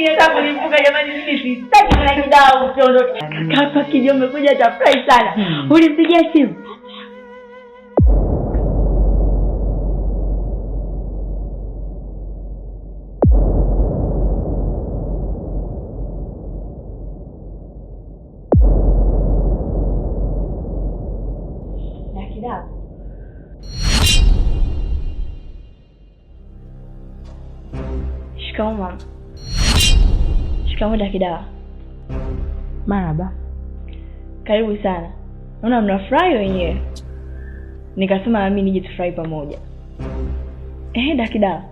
mimi hata kulipuka jamani, mimi sitaki na kidao usiondoke. Kaka hapa kijio umekuja atafurahi sana. Ulimpigia simu? Shikamoo mama tunakwenda kidawa. Maraba. Karibu sana. Naona mnafurahi wenyewe. Nikasema mi nije tufurahi pamoja. Eh, dakidawa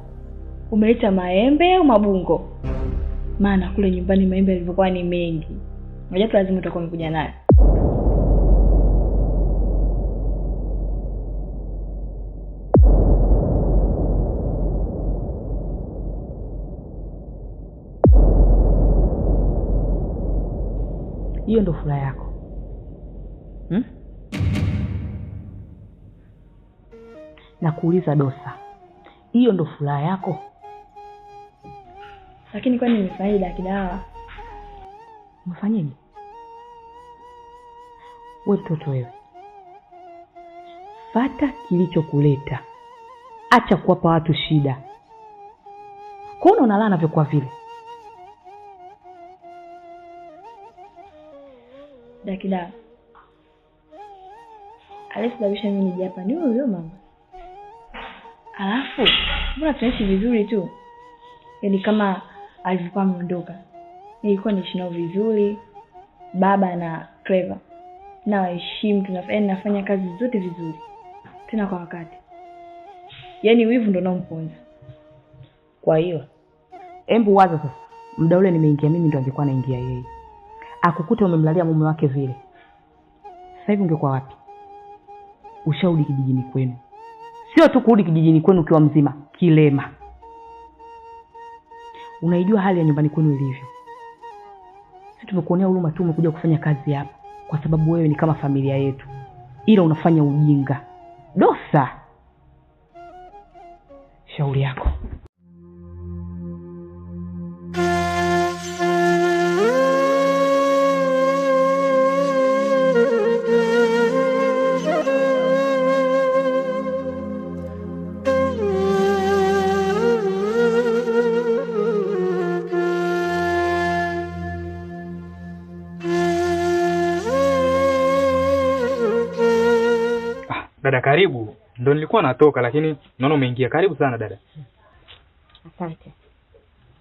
Umeleta maembe au mabungo? Maana kule nyumbani maembe yalivyokuwa ni mengi. Moja tu lazima utakuwa umekuja nayo. hiyo ndo furaha yako hmm? na kuuliza Dosa, hiyo ndo furaha yako? Lakini kwani ni faida Kidawa? Umefanyaje we mtoto wewe? Fata kilichokuleta, acha kuwapa watu shida. Kwa unaona laa anavyokuwa vile Dakida aliyesababisha mimi nije hapa ni huyo huyo mama. Alafu mbona tunaishi vizuri tu, yaani kama alivyokuwa ameondoka, nilikuwa niishi nao vizuri, baba na Clever. na waheshimu, tunafanya yaani nafanya kazi zote vizuri, tena kwa wakati. Yaani wivu ndo naomponza. Kwa hiyo embu waza sasa, muda ule nimeingia mimi ndo angekuwa naingia yeye akukuta umemlalia mume wake vile, sasa hivi ungekuwa wapi? Usharudi kijijini kwenu. Sio tu kurudi kijijini kwenu ukiwa mzima, kilema. Unaijua hali ya nyumbani kwenu ilivyo. Sisi tumekuonea huruma tu, umekuja kufanya kazi hapa kwa sababu wewe ni kama familia yetu, ila unafanya ujinga. Dosa, shauri yako. Dada karibu. Ndio nilikuwa natoka, lakini naona umeingia. Karibu sana dada. Asante.